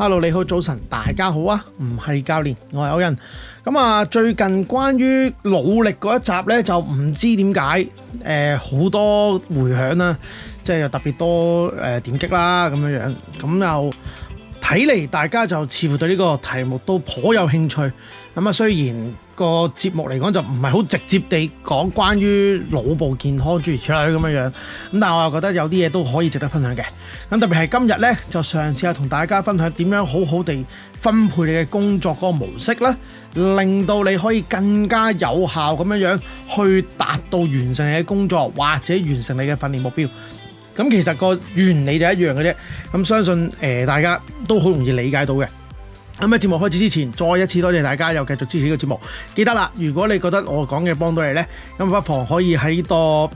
Hello，你好，早晨，大家好啊！唔係教練，我係歐文。咁啊，最近關於努力嗰一集呢，就唔知點解，誒、呃、好多迴響啦，即係又特別多誒點擊啦咁樣樣。咁又睇嚟，大家就似乎對呢個題目都頗有興趣。咁啊，雖然，個節目嚟講就唔係好直接地講關於腦部健康諸如此類咁樣樣，咁但係我又覺得有啲嘢都可以值得分享嘅。咁特別係今日呢，就嘗試下同大家分享點樣好好地分配你嘅工作嗰個模式啦，令到你可以更加有效咁樣樣去達到完成你嘅工作或者完成你嘅訓練目標。咁其實個原理就一樣嘅啫。咁相信誒大家都好容易理解到嘅。咁喺節目開始之前，再一次多謝大家又繼續支持呢個節目。記得啦，如果你覺得我講嘅幫到你呢，咁不妨可以喺度，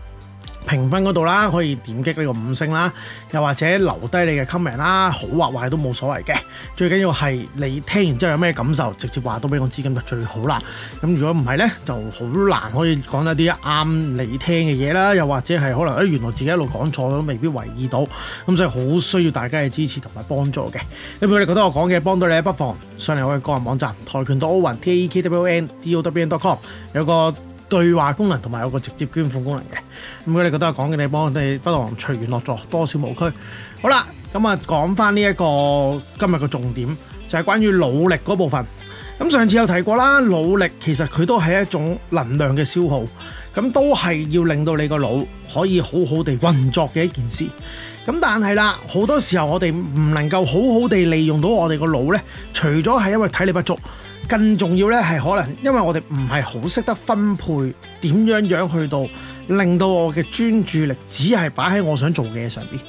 評分嗰度啦，可以點擊呢個五星啦，又或者留低你嘅 comment 啦，好或壞都冇所謂嘅。最緊要係你聽完之後有咩感受，直接話到俾我知咁就最好啦。咁如果唔係呢，就好難可以講一啲啱你聽嘅嘢啦，又或者係可能誒原來自己一路講錯都未必為意到，咁所以好需要大家嘅支持同埋幫助嘅。如果你覺得我講嘅幫到你，不妨上嚟我嘅個人網站跆拳道奧運 T、A、K W N T O W N dot com，有個，對話功能同埋有個直接捐款功能嘅，咁如果你覺得有講嘅，你幫我哋不妨隨緣落座，多少無拘。好啦，咁啊講返呢一個今日個重點，就係關於努力嗰部分。咁上次有提過啦，努力其實佢都係一種能量嘅消耗，咁都係要令到你個腦可以好好地運作嘅一件事。咁但係啦，好多時候我哋唔能夠好好地利用到我哋個腦呢，除咗係因為體力不足。更重要咧，係可能，因為我哋唔係好識得分配點樣樣去到，令到我嘅專注力只係擺喺我想做嘅嘢上邊。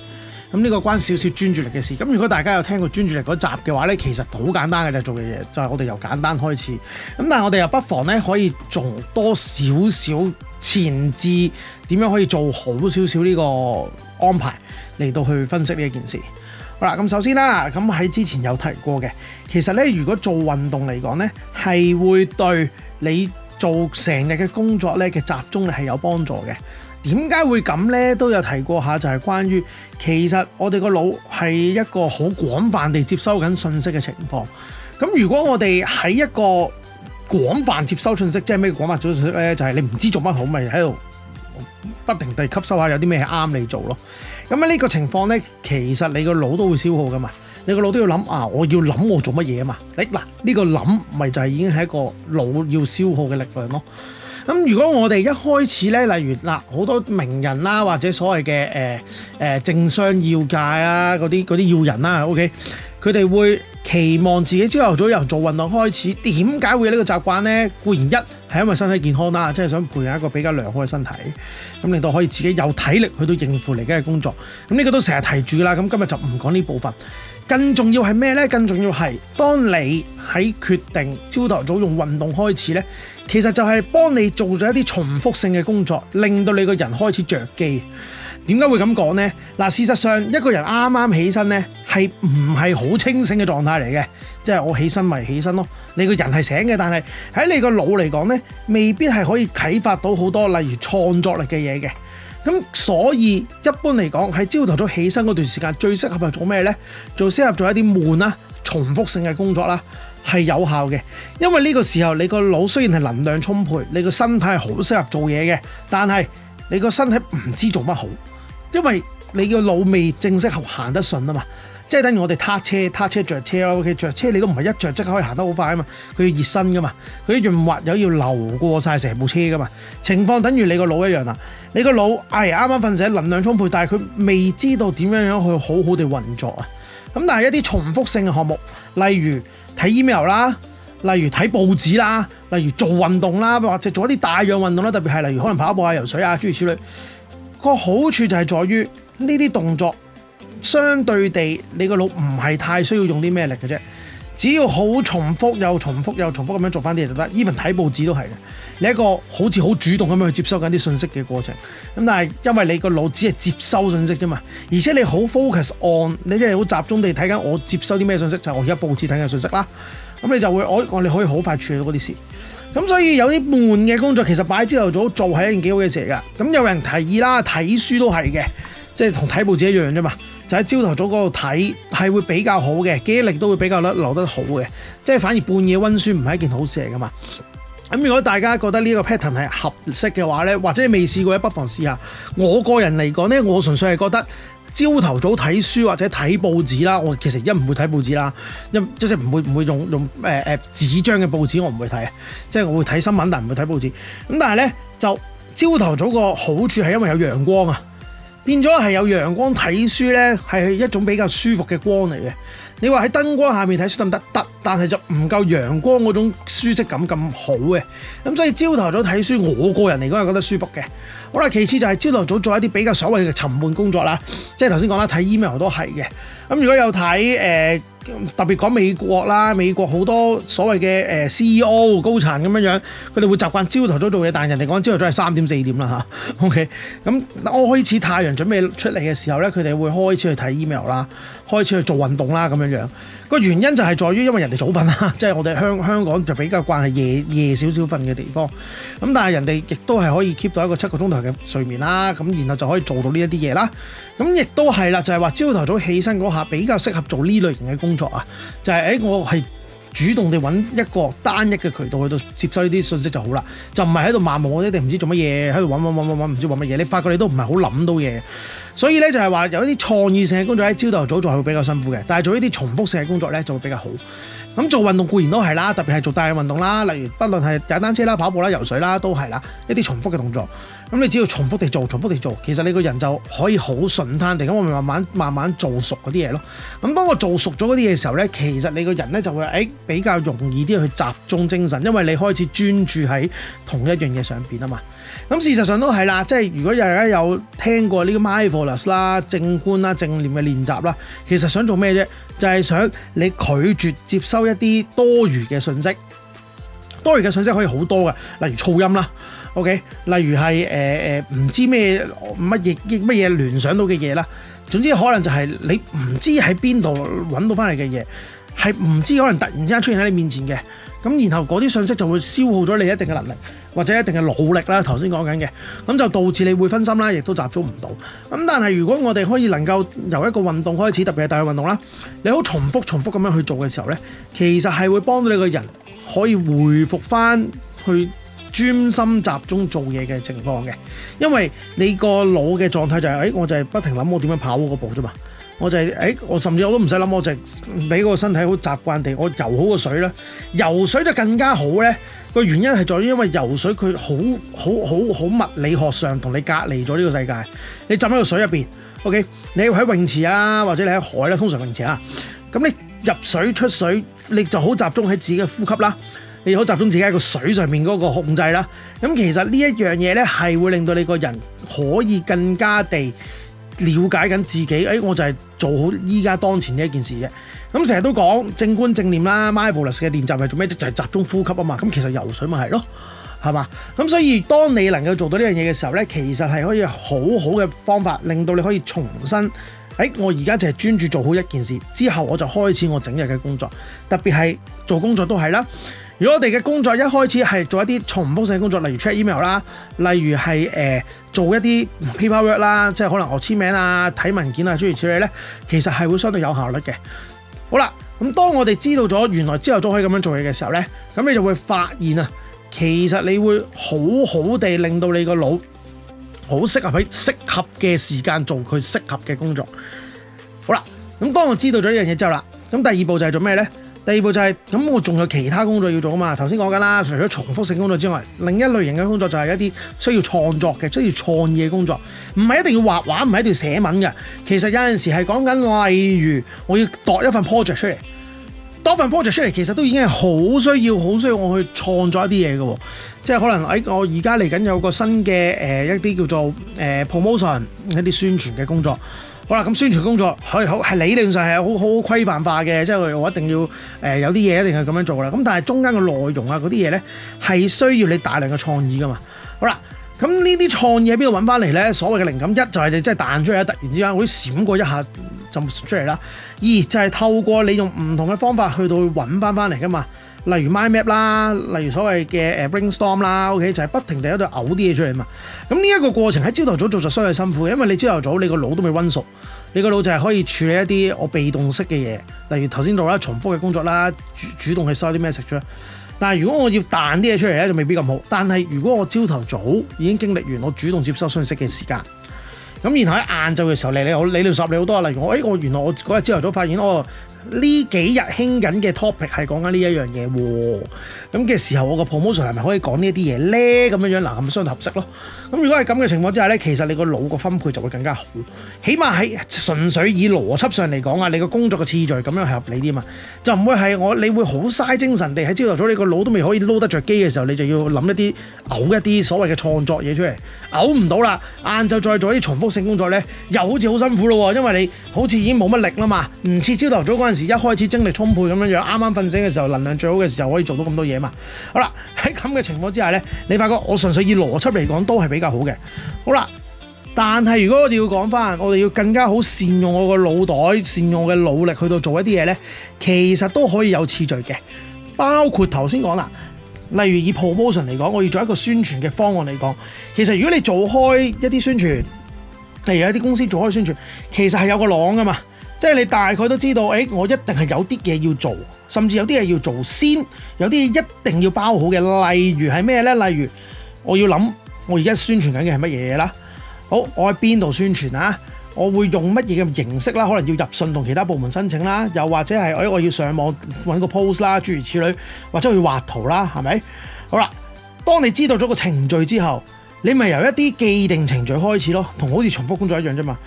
咁呢個關少少專注力嘅事。咁如果大家有聽過專注力嗰集嘅話咧，其實好簡單嘅啫，做嘅嘢就係我哋由簡單開始。咁但係我哋又不妨咧，可以做多少少前置，點樣可以做好少少呢個安排嚟到去分析呢一件事。嗱，咁首先啦，咁喺之前有提過嘅，其實咧，如果做運動嚟講咧，係會對你做成日嘅工作咧嘅集中力係有幫助嘅。點解會咁咧？都有提過下，就係關於其實我哋個腦係一個好廣泛地接收緊信息嘅情況。咁如果我哋喺一個廣泛接收信息，即係咩廣泛接收信息咧？就係你唔知做乜好，咪喺度。不停地吸收下有啲咩係啱你做咯，咁喺呢個情況呢，其實你個腦都會消耗噶嘛，你個腦都要諗啊，我要諗我做乜嘢啊嘛，你嗱呢個諗咪就係已經係一個腦要消耗嘅力量咯，咁如果我哋一開始呢，例如嗱好多名人啦、啊，或者所謂嘅誒誒政商要界啊嗰啲嗰啲要人啦、啊，OK，佢哋會期望自己朝頭早由做運動開始，點解會有呢個習慣呢？固然一。係因為身體健康啦，即係想培養一個比較良好嘅身體，咁令到可以自己有體力去到應付嚟緊嘅工作。咁、這、呢個都成日提住噶啦，咁今日就唔講呢部分。更重要係咩呢？更重要係當你喺決定朝頭早用運動開始呢，其實就係幫你做咗一啲重複性嘅工作，令到你個人開始着機。點解會咁講呢？嗱，事實上一個人啱啱起身呢，係唔係好清醒嘅狀態嚟嘅。即係我起身咪起身咯，你個人係醒嘅，但係喺你個腦嚟講呢，未必係可以啟發到好多，例如創作力嘅嘢嘅。咁所以一般嚟講，喺朝頭早起身嗰段時間，最適合係做咩呢？最適合做一啲悶啦、重複性嘅工作啦，係有效嘅。因為呢個時候你個腦雖然係能量充沛，你個身體係好適合做嘢嘅，但係你個身體唔知做乜好。因為你個腦未正式行得順啊嘛，即係等於我哋撻車，撻車着車咯，OK，着車你都唔係一着即刻可以行得好快啊嘛，佢要熱身噶嘛，佢啲潤滑油要流過晒成部車噶嘛，情況等於你個腦一樣啦，你個腦哎啱啱瞓醒，能量充沛，但係佢未知道點樣樣去好好地運作啊，咁但係一啲重複性嘅項目，例如睇 email 啦，例如睇報紙啦，例如做運動啦，或者做一啲大量運動啦，特別係例如可能跑步啊、游水啊、諸如此類。個好處就係在於呢啲動作，相對地你個腦唔係太需要用啲咩力嘅啫。只要好重複又重複又重複咁樣做翻啲嘢就得。Even 睇報紙都係嘅，你一個好似好主動咁樣去接收緊啲信息嘅過程。咁但係因為你個腦只係接收信息啫嘛，而且你好 focus on，你真係好集中地睇緊我接收啲咩信息，就係、是、我而家報紙睇緊信息啦。咁你就會我我你可以好快處理到多啲事。咁所以有啲悶嘅工作，其實擺喺朝頭早做係一件幾好嘅事嚟㗎。咁有人提議啦，睇書都係嘅，即係同睇報紙一樣啫嘛。就喺朝頭早嗰度睇係會比較好嘅，記憶力都會比較留得好嘅。即係反而半夜温書唔係一件好事嚟㗎嘛。咁如果大家覺得呢個 pattern 係合適嘅話咧，或者你未試過嘅不妨試下。我個人嚟講咧，我純粹係覺得。朝頭早睇書或者睇報紙啦，我其實一唔會睇報紙啦，一即係唔會唔會用用誒誒紙張嘅報紙我唔會睇，即係我會睇新聞但唔會睇報紙。咁但係咧就朝頭早個好處係因為有陽光啊，變咗係有陽光睇書咧係一種比較舒服嘅光嚟嘅。你話喺燈光下面睇書得唔得得？但係就唔夠陽光嗰種舒適感咁好嘅。咁、嗯、所以朝頭早睇書，我個人嚟講係覺得舒服嘅。好啦，其次就係朝頭早做一啲比較所謂嘅沉悶工作啦，即係頭先講啦，睇 email 都係嘅。咁、嗯、如果有睇誒。呃特別講美國啦，美國好多所謂嘅誒 CEO 高層咁樣樣，佢哋會習慣朝頭早做嘢，但係人哋講朝頭早係三點四點啦，吓？OK，咁我開始太陽準備出嚟嘅時候咧，佢哋會開始去睇 email 啦，開始去做運動啦咁樣樣。個原因就係在於，因為人哋早瞓啦，即係我哋香香港就比較慣係夜夜少少瞓嘅地方。咁但係人哋亦都係可以 keep 到一個七個鐘頭嘅睡眠啦。咁然後就可以做到呢一啲嘢啦。咁亦都係啦，就係話朝頭早起身嗰下比較適合做呢類型嘅工作啊。就係、是、誒、欸，我係。主動地揾一個單一嘅渠道去到接收呢啲信息就好啦，就唔係喺度漫無目的唔知做乜嘢，喺度揾揾揾揾揾唔知揾乜嘢，你發覺你都唔係好諗到嘢，所以咧就係話有一啲創意性嘅工作喺朝頭早做係會比較辛苦嘅，但係做呢啲重複性嘅工作咧就會比較好。咁做運動固然都係啦，特別係做大嘅運動啦，例如不論係踩單車啦、跑步啦、游水啦，都係啦，一啲重複嘅動作。咁你只要重複地做、重複地做，其實你個人就可以好順攤地咁，我咪慢慢慢慢做熟嗰啲嘢咯。咁當我做熟咗嗰啲嘢時候咧，其實你個人咧就會誒比較容易啲去集中精神，因為你開始專注喺同一樣嘢上面啊嘛。咁事實上都係啦，即係如果大家有聽過呢個 mindfulness 啦、正觀啦、正念嘅練習啦，其實想做咩啫？就係想你拒絕接收一啲多餘嘅信息。多餘嘅信息可以好多嘅，例如噪音啦，OK，例如係誒誒唔知咩乜嘢乜嘢聯想到嘅嘢啦。總之可能就係你唔知喺邊度揾到翻嚟嘅嘢，係唔知可能突然之間出現喺你面前嘅。咁然後嗰啲信息就會消耗咗你一定嘅能力，或者一定嘅努力啦。頭先講緊嘅，咁就導致你會分心啦，亦都集中唔到。咁但係如果我哋可以能夠由一個運動開始，特別係大運動啦，你好重複重複咁樣去做嘅時候呢，其實係會幫到你個人可以回復翻去專心集中做嘢嘅情況嘅，因為你個腦嘅狀態就係、是，哎，我就係不停諗我點樣跑嗰步咋嘛。我就係，誒，我甚至我都唔使諗，我就係俾個身體好習慣地，我游好個水啦。游水就更加好咧，個原因係在於，因為游水佢好好好好物理學上同你隔離咗呢個世界。你浸喺個水入邊，OK，你要喺泳池啊，或者你喺海啦，通常泳池啊，咁你入水出水，你就好集中喺自己嘅呼吸啦，你好集中自己喺個水上面嗰個控制啦。咁其實呢一樣嘢咧，係會令到你個人可以更加地。了解緊自己，哎，我就係做好依家當前呢一件事嘅。咁成日都講正觀正念啦 mindfulness、啊、s 嘅練習係做咩啫？就係、係、集中呼吸啊嘛。咁、嗯、其實游水咪係咯，係嘛？咁、嗯、所以當你能夠做到呢樣嘢嘅時候呢，其實係可以好好嘅方法，令到你可以重新，哎，我而家就係專注做好一件事，之後我就開始我整日嘅工作，特別係做工作都係啦。如果我哋嘅工作一開始係做一啲重複性工作，例如 check email 啦，例如係誒、呃、做一啲 paperwork 啦，即係可能我簽名啊、睇文件啊、諸如此類咧，其實係會相對有效率嘅。好啦，咁當我哋知道咗原來之後都可以咁樣做嘢嘅時候咧，咁你就會發現啊，其實你會好好地令到你個腦好適合喺適合嘅時間做佢適合嘅工作。好啦，咁當我知道咗呢樣嘢之後啦，咁第二步就係做咩咧？第二步就係、是、咁，我仲有其他工作要做啊嘛。頭先講緊啦，除咗重複性工作之外，另一類型嘅工作就係一啲需要創作嘅、需要創意嘅工作，唔係一定要畫畫，唔係一定要寫文嘅。其實有陣時係講緊，例如我要度一份 project 出嚟，多份 project 出嚟，其實都已經係好需要、好需要我去創作一啲嘢嘅喎。即係可能喺我而家嚟緊有個新嘅誒、呃、一啲叫做誒、呃、promotion 一啲宣傳嘅工作。好啦，咁宣傳工作，佢好係理論上係好好好規範化嘅，即係我一定要誒有啲嘢一定係咁樣做啦。咁但係中間嘅內容啊嗰啲嘢咧，係需要你大量嘅創意噶嘛。好啦，咁呢啲創意喺邊度揾翻嚟咧？所謂嘅靈感，一就係你真係彈出嚟啦，突然之間會閃過一下就出嚟啦。二就係透過你用唔同嘅方法去到揾翻翻嚟噶嘛。例如 mind map 啦，例如所謂嘅誒 brainstorm 啦，OK 就係不停地喺度嘔啲嘢出嚟嘛。咁呢一個過程喺朝頭早做就相對辛苦嘅，因為你朝頭早你個腦都未溫熟，你個腦就係可以處理一啲我被動式嘅嘢，例如頭先到啦，重複嘅工作啦，主主動去收啲 message 啦。但係如果我要彈啲嘢出嚟咧，就未必咁好。但係如果我朝頭早已經經歷完我主動接收信息嘅時間，咁然後喺晏晝嘅時候，你你好，理論拾你好多，例如我誒、哎、我原來我嗰日朝頭早發現我。哦呢幾日興緊嘅 topic 係講緊呢一樣嘢喎，咁、哦、嘅時候我個 promotion 係咪可以講呢一啲嘢呢？咁樣樣嗱，咁咪相合適咯。咁如果係咁嘅情況之下呢，其實你個腦個分配就會更加好。起碼喺純粹以邏輯上嚟講啊，你個工作嘅次序咁樣係合理啲啊嘛，就唔會係我。你會好嘥精神地喺朝頭早，你個腦都未可以撈得着機嘅時候，你就要諗一啲嘔一啲所謂嘅創作嘢出嚟，嘔唔到啦。晏晝再做啲重複性工作呢，又好似好辛苦咯喎，因為你好似已經冇乜力啦嘛，唔似朝頭早嗰陣時一開始精力充沛咁樣樣，啱啱瞓醒嘅時候，能量最好嘅時候，可以做到咁多嘢嘛。好啦，喺咁嘅情況之下呢，你發覺我純粹以邏輯嚟講都係比較好嘅。好啦，但係如果我哋要講翻，我哋要更加好善用我個腦袋，善用我嘅腦力去到做一啲嘢呢，其實都可以有次序嘅。包括頭先講啦，例如以 promotion 嚟講，我要做一個宣傳嘅方案嚟講，其實如果你做開一啲宣傳，例如一啲公司做開宣傳，其實係有個網噶嘛。即係你大概都知道，誒、哎，我一定係有啲嘢要做，甚至有啲嘢要做先，有啲一定要包好嘅。例如係咩咧？例如我要諗，我而家宣傳緊嘅係乜嘢啦？好，我喺邊度宣傳啊？我會用乜嘢嘅形式啦？可能要入信同其他部門申請啦，又或者係我、哎、我要上網搵個 post 啦，諸如此類，或者去畫圖啦，係咪？好啦，當你知道咗個程序之後，你咪由一啲既定程序開始咯，同好似重複工作一樣啫嘛。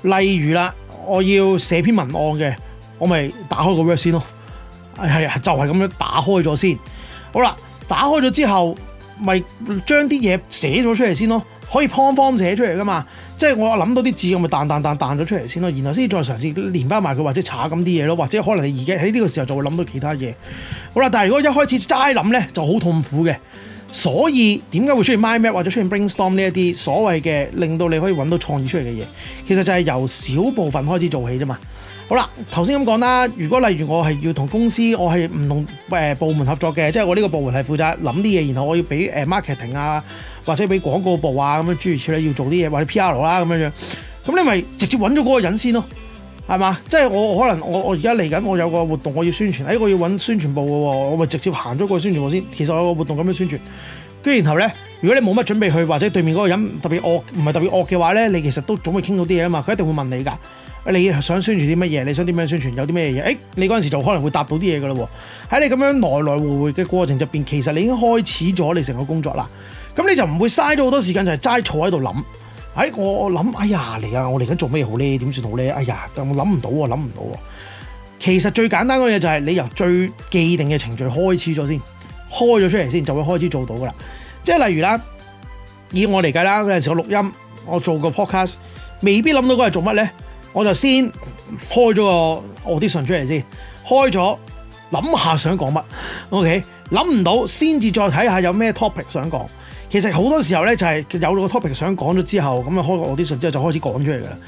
例如啦。我要寫篇文案嘅，我咪打開個 Word 先咯。係、哎、啊，就係、是、咁樣打開咗先。好啦，打開咗之後，咪將啲嘢寫咗出嚟先咯。可以 point form 寫出嚟噶嘛？即係我諗到啲字，我咪彈彈彈彈咗出嚟先咯。然後先再嘗試連返埋佢，或者查咁啲嘢咯。或者可能你而家喺呢個時候就會諗到其他嘢。好啦，但係如果一開始齋諗咧，就好痛苦嘅。所以點解會出現 mind map 或者出現 brainstorm 呢一啲所謂嘅令到你可以揾到創意出嚟嘅嘢？其實就係由小部分開始做起啫嘛。好啦，頭先咁講啦。如果例如我係要同公司，我係唔同誒部門合作嘅，即係我呢個部門係負責諗啲嘢，然後我要俾誒 marketing 啊，或者俾廣告部啊咁樣諸如此類要做啲嘢，或者 PR 啦咁樣樣，咁你咪直接揾咗嗰個人先咯。係嘛？即係我可能我我而家嚟緊，我有個活動，我要宣傳，誒、哎，我要揾宣傳部嘅喎，我咪直接行咗過宣傳部先。其實我有個活動咁樣宣傳，跟住然後咧，如果你冇乜準備去，或者對面嗰個人特別惡，唔係特別惡嘅話咧，你其實都總會傾到啲嘢啊嘛。佢一定會問你㗎，你想宣傳啲乜嘢？你想點樣宣傳？有啲咩嘢？誒、哎，你嗰陣時就可能會答到啲嘢㗎啦喎。喺你咁樣來來回回嘅過程入邊，其實你已經開始咗你成個工作啦。咁你就唔會嘥咗好多時間，就係、是、齋坐喺度諗。哎，我諗，哎呀嚟啊！我嚟緊做咩好咧？點算好咧？哎呀，但我諗唔、哎、到啊，諗唔到啊。其實最簡單嘅嘢就係你由最既定嘅程序開始咗先開始，先開咗出嚟先，就會開始做到噶啦。即係例如啦，以我嚟計啦，有陣時候我錄音，我做個 podcast，未必諗到嗰日做乜咧，我就先開咗個 Audition 出嚟先開，開咗諗下想講乜，OK？諗唔到先至再睇下有咩 topic 想講。其實好多時候咧，就係、是、有個 topic 想講咗之後，咁啊開個 Audition 之後就開始講出嚟噶啦。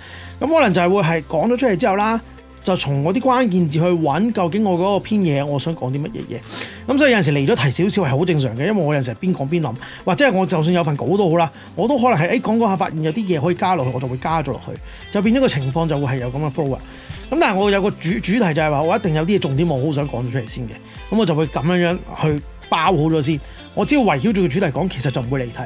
咁、嗯、可能就係會係講咗出嚟之後啦，就從我啲關鍵字去揾究竟我嗰個篇嘢，我想講啲乜嘢嘢。咁、嗯、所以有陣時離咗題少少係好正常嘅，因為我有陣時邊講邊諗，或者我就算有份稿都好啦，我都可能係誒講講下發現有啲嘢可以加落去，我就會加咗落去，就變咗個情況就會係有咁嘅 flow 啊。咁、嗯、但係我有個主主題就係話我一定有啲嘢重點我，我好想講咗出嚟先嘅，咁我就會咁樣樣去包好咗先。我只要圍繞住個主題講，其實就唔會離題。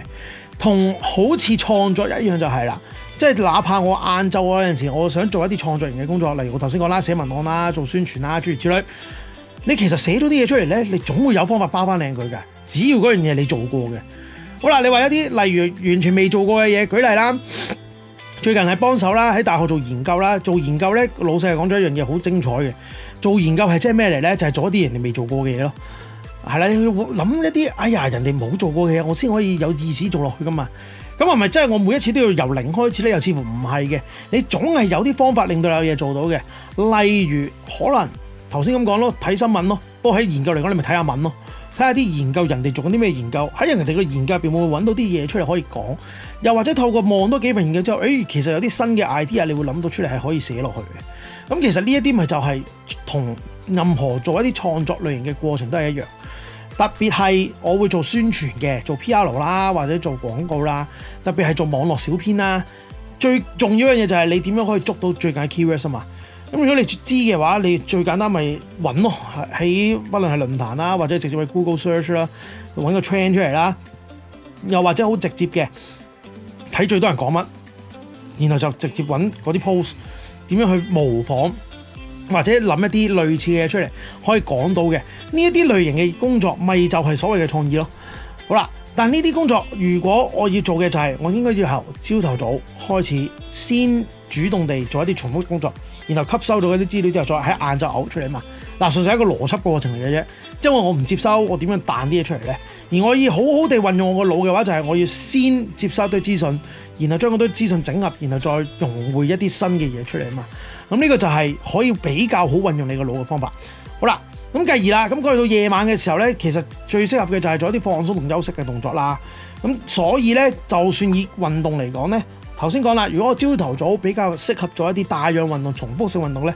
同好似創作一樣就係啦，即係哪怕我晏晝嗰陣時，我想做一啲創作型嘅工作，例如我頭先講啦，寫文案啦，做宣傳啦，諸如此類。你其實寫咗啲嘢出嚟呢，你總會有方法包翻靚佢嘅。只要嗰樣嘢你做過嘅，好啦，你話一啲例如完全未做過嘅嘢，舉例啦，最近係幫手啦，喺大學做研究啦，做研究呢，老細係講咗一樣嘢好精彩嘅，做研究係即係咩嚟呢？就係做一啲人哋未做過嘅嘢咯。係啦，你要諗一啲，哎呀，人哋冇做過嘅嘢，我先可以有意思做落去噶嘛？咁係咪真係我每一次都要由零開始咧？又似乎唔係嘅。你總係有啲方法令到有嘢做到嘅，例如可能頭先咁講咯，睇新聞咯。不過喺研究嚟講，你咪睇下文咯，睇下啲研究人哋做緊啲咩研究，喺人哋個研究入邊會揾到啲嘢出嚟可以講，又或者透過望多幾份研究之後，誒、哎，其實有啲新嘅 idea，你會諗到出嚟係可以寫落去嘅。咁其實呢一啲咪就係同任何做一啲創作類型嘅過程都係一樣。特別係我會做宣傳嘅，做 PR 啦，或者做廣告啦。特別係做網絡小編啦。最重要一樣嘢就係你點樣可以捉到最近嘅 key words 啊嘛。咁、嗯、如果你知嘅話，你最簡單咪揾咯，喺不論係論壇啦，或者直接去 Google search 啦，揾個 trend 出嚟啦。又或者好直接嘅，睇最多人講乜，然後就直接揾嗰啲 post 點樣去模仿。或者諗一啲類似嘅嘢出嚟，可以講到嘅呢一啲類型嘅工，工作，咪就係所謂嘅創意咯。好啦，但呢啲工作如果我要做嘅就係、是，我應該要由朝頭早開始，先主動地做一啲重複工作，然後吸收到一啲資料之後，再喺晏晝嘔出嚟啊嘛。嗱、啊，純粹係一個邏輯過程嚟嘅啫。因為我唔接收，我點樣彈啲嘢出嚟呢？而我要好好地運用我個腦嘅話，就係、是、我要先接收一堆資訊，然後將嗰堆資訊整合，然後再融匯一啲新嘅嘢出嚟啊嘛。咁呢個就係可以比較好運用你個腦嘅方法。好啦，咁繼而啦，咁過去到夜晚嘅時候呢，其實最適合嘅就係做一啲放鬆同休息嘅動作啦。咁所以呢，就算以運動嚟講呢，頭先講啦，如果我朝頭早比較適合做一啲大量運動、重複性運動呢，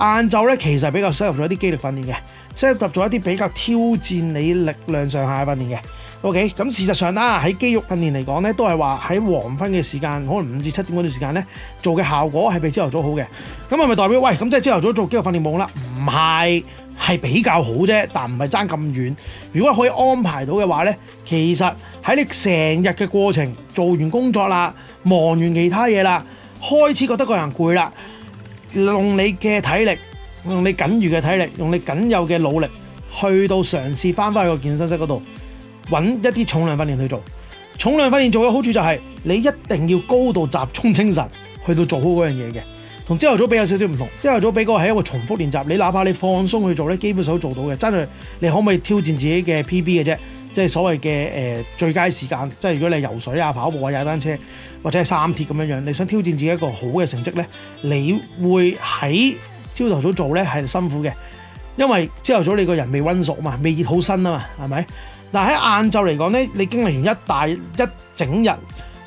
晏晝呢其實比較適合做一啲肌力訓練嘅，適合做一啲比較挑戰你力，力量上下嘅訓練嘅。O.K. 咁事實上啦，喺肌肉訓練嚟講咧，都係話喺黃昏嘅時間，可能五至七點嗰段時間咧做嘅效果係比朝頭早好嘅。咁係咪代表？喂，咁即係朝頭早做肌肉訓練冇啦？唔係，係比較好啫，但唔係差咁遠。如果可以安排到嘅話咧，其實喺你成日嘅過程做完工作啦，忙完其他嘢啦，開始覺得個人攰啦，用你嘅體力，用你僅餘嘅體力，用你僅有嘅努力，去到嘗試返返去個健身室嗰度。搵一啲重量訓練去做，重量訓練做嘅好處就係、是、你一定要高度集中精神去到做好嗰樣嘢嘅。同朝頭早比有少少唔同，朝頭早比嗰個係一個重複練習，你哪怕你放鬆去做呢，基本上都做到嘅。真係你可唔可以挑戰自己嘅 PB 嘅啫，即係所謂嘅誒、呃、最佳時間。即係如果你係游水啊、跑步啊、踩單車或者係三鐵咁樣樣，你想挑戰自己一個好嘅成績呢，你會喺朝頭早做呢係辛苦嘅，因為朝頭早你個人未溫熟啊嘛，未熱好身啊嘛，係咪？但喺晏晝嚟講呢你經歷完一大一整日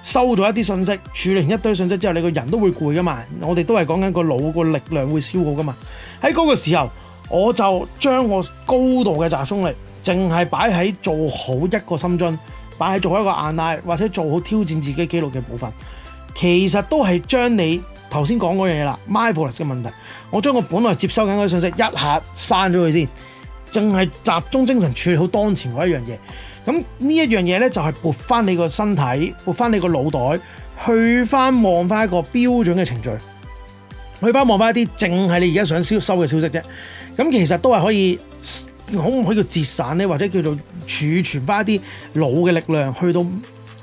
收咗一啲信息、處理完一堆信息之後，你個人都會攰噶嘛？我哋都係講緊個腦個力量會消耗噶嘛。喺嗰個時候，我就將我高度嘅集中力淨係擺喺做好一個深蹲，擺喺做好一個硬拉，或者做好挑戰自己紀錄嘅部分。其實都係將你頭先講嗰樣嘢啦 mindfulness 嘅問題。我將我本來接收緊啲信息一下刪咗佢先。淨係集中精神處理好當前嗰一樣嘢，咁呢一樣嘢咧就係撥翻你個身體，撥翻你個腦袋，去翻望翻一個標準嘅程序，去翻望翻一啲淨係你而家想消收嘅消息啫。咁其實都係可以可唔可以叫節省咧，或者叫做儲存翻一啲腦嘅力量，去到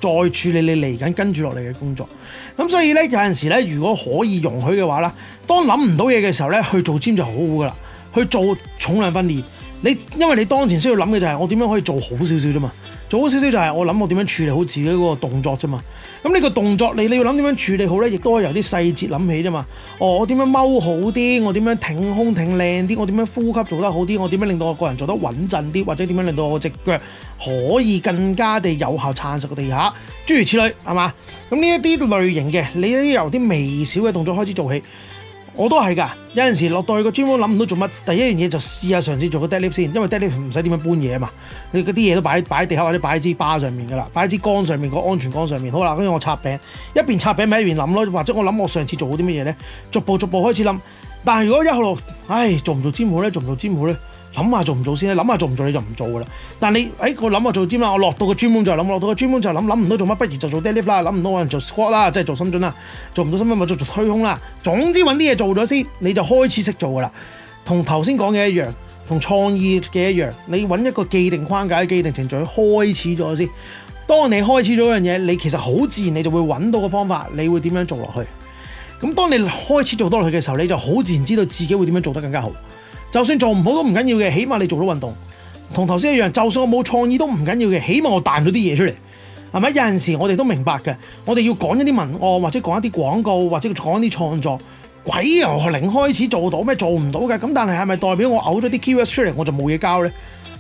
再處理你嚟緊跟住落嚟嘅工作。咁所以咧有陣時咧，如果可以容許嘅話啦，當諗唔到嘢嘅時候咧，去做 gym 就好好噶啦，去做重量訓練。你因為你當前需要諗嘅就係我點樣可以做好少少啫嘛，做好少少就係我諗我點樣處理好自己嗰個動作啫嘛。咁呢個動作你你要諗點樣處理好呢？亦都可以由啲細節諗起啫嘛。哦，我點樣踎好啲，我點樣挺胸挺靚啲，我點樣呼吸做得好啲，我點樣令到我個人做得穩陣啲，或者點樣令到我隻腳可以更加地有效撐實個地下，諸如此類係嘛？咁呢一啲類型嘅，你都由啲微小嘅動作開始做起。我都係噶，有陣時落到去個 gym 房，諗唔到做乜。第一樣嘢就試下上次做個 deadlift 先，因為 deadlift 唔使點樣搬嘢啊嘛。你嗰啲嘢都擺擺喺地下或者擺喺支巴上面噶啦，擺喺支桿上面個安全桿上面。好啦，跟住我插餅，一邊插餅咪一邊諗咯，或者我諗我上次做過啲乜嘢咧，逐步逐步開始諗。但係如果一路，唉，做唔做 gym 咧？做唔做 gym 咧？諗下做唔做先啦，諗下做唔做你就唔做噶啦。但你喺個諗下做尖啦，我落到個專門就諗，落到個專門就諗，諗唔到做乜，不如就做 deadlift 啦，諗唔到可能就做 squat 啦，即係做深蹲啦，做唔到深蹲咪做做推胸啦。總之揾啲嘢做咗先，你就開始識做噶啦。同頭先講嘅一樣，同創意嘅一樣，你揾一個既定框架、既定程序去開始咗先。當你開始咗一樣嘢，你其實好自然你就會揾到個方法，你會點樣做落去。咁當你開始做多落去嘅時候，你就好自然知道自己會點樣做得更加好。就算做唔好都唔緊要嘅，起碼你做咗運動，同頭先一樣。就算我冇創意都唔緊要嘅，起碼我彈咗啲嘢出嚟，係咪？有陣時我哋都明白嘅，我哋要講一啲文案，或者講一啲廣告，或者講一啲創作，鬼由零開始做到咩？做唔到嘅，咁但係係咪代表我嘔咗啲 QS 出嚟我就冇嘢交呢？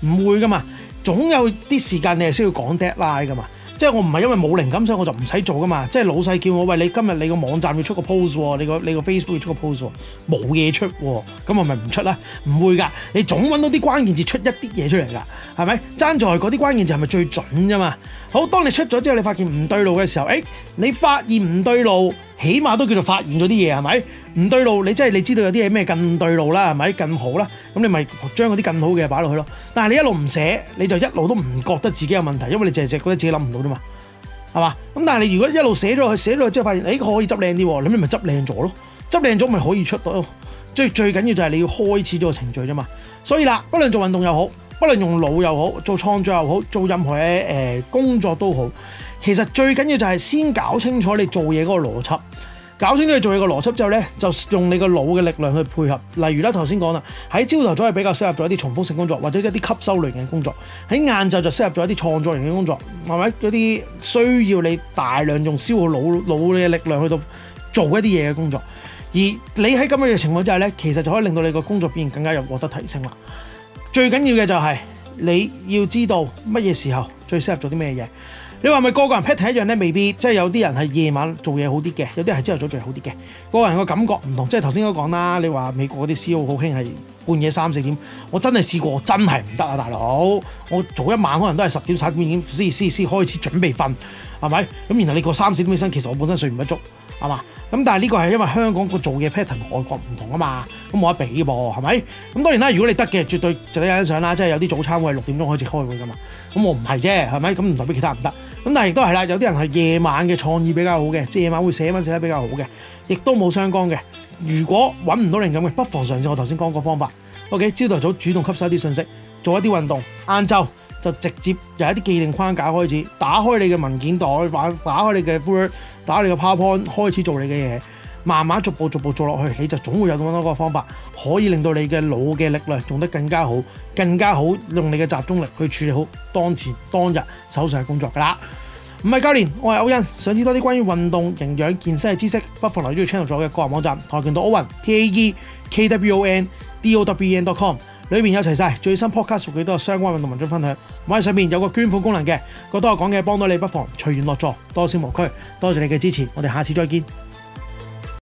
唔會噶嘛，總有啲時間你係需要講 deadline 噶嘛。即係我唔係因為冇靈感所以我就唔使做噶嘛，即係老細叫我喂，你今日你個網站要出個 post 喎，你個你個 Facebook 要出個 post 喎，冇嘢出喎，咁係咪唔出啦？唔會㗎，你總揾到啲關鍵字出一啲嘢出嚟㗎，係咪？爭在嗰啲關鍵字係咪最準啫嘛？好，當你出咗之後，你發現唔對路嘅時候，誒，你發現唔對路，起碼都叫做發現咗啲嘢，係咪？唔對路，你真係你知道有啲嘢咩更對路啦，係咪更好啦？咁你咪將嗰啲更好嘅擺落去咯。但係你一路唔寫，你就一路都唔覺得自己有問題，因為你淨係只覺得自己諗唔到啫嘛，係嘛？咁但係你如果一路寫咗落去，寫咗去之後發現，誒，佢可以執靚啲，咁你咪執靚咗咯，執靚咗咪可以出到咯。最最緊要就係你要開始咗個程序啫嘛。所以啦，不論做運動又好，不論用腦又好，做創作又好，做任何嘅誒、呃、工作都好，其實最緊要就係先搞清楚你做嘢嗰個邏輯，搞清楚你做嘢嗰個邏輯之後咧，就用你個腦嘅力量去配合。例如啦，頭先講啦，喺朝頭早係比較適合做一啲重複性工作，或者一啲吸收類型嘅工作；喺晏晝就適合做一啲創作型嘅工作，係咪？嗰啲需要你大量用消耗腦腦嘅力量去到做一啲嘢嘅工作。而你喺咁樣嘅情況之下咧，其實就可以令到你個工作變更加有獲得提升啦。最緊要嘅就係、是、你要知道乜嘢時候最適合做啲咩嘢。你話咪個個人 pattern 一樣咧，未必即係有啲人係夜晚做嘢好啲嘅，有啲係朝頭早做嘢好啲嘅。個個人個感覺唔同，即係頭先都講啦。你話美國嗰啲 CEO 好興係半夜三四點，我真係試過真係唔得啊大佬。我早一晚可能都係十點差幾點先先先開始準備瞓，係咪？咁然後你個三四點起身，其實我本身睡眠不足。係嘛咁？但係呢個係因為香港個做嘢 pattern 同外國唔同啊嘛，咁冇得比噃，係咪？咁、嗯、當然啦，如果你得嘅，絕對值得欣賞啦。即係有啲早餐會係六點鐘開始開會噶嘛，咁我唔係啫，係咪？咁唔代表其他唔得。咁、嗯、但係亦都係啦，有啲人係夜晚嘅創意比較好嘅，即係夜晚會寫文寫得比較好嘅，亦都冇相干嘅。如果揾唔到靈感嘅，不妨嘗試我頭先講個方法。OK，朝頭早主動吸收一啲信息，做一啲運動，晏晝。就直接由一啲既定框架開始，打開你嘅文件袋，打開你嘅 Word，打開你嘅 PowerPoint，開始做你嘅嘢，慢慢逐步逐步做落去，你就總會有咁多個方法，可以令到你嘅腦嘅力量用得更加好，更加好用你嘅集中力去處理好當前當日手上嘅工作㗎啦。唔係教練，我係歐恩。想知多啲關於運動、營養、健身嘅知識，不妨留意 channel 做嘅個人網站跆拳道歐恩 T A E K W O N D O W E N dot com。裏面有齊晒最新 podcast，以及都有相關運動文章分享。網頁上面有個捐款功能嘅，覺得我講嘅幫到你，不妨隨緣樂助，多少無拘，多謝你嘅支持，我哋下次再見。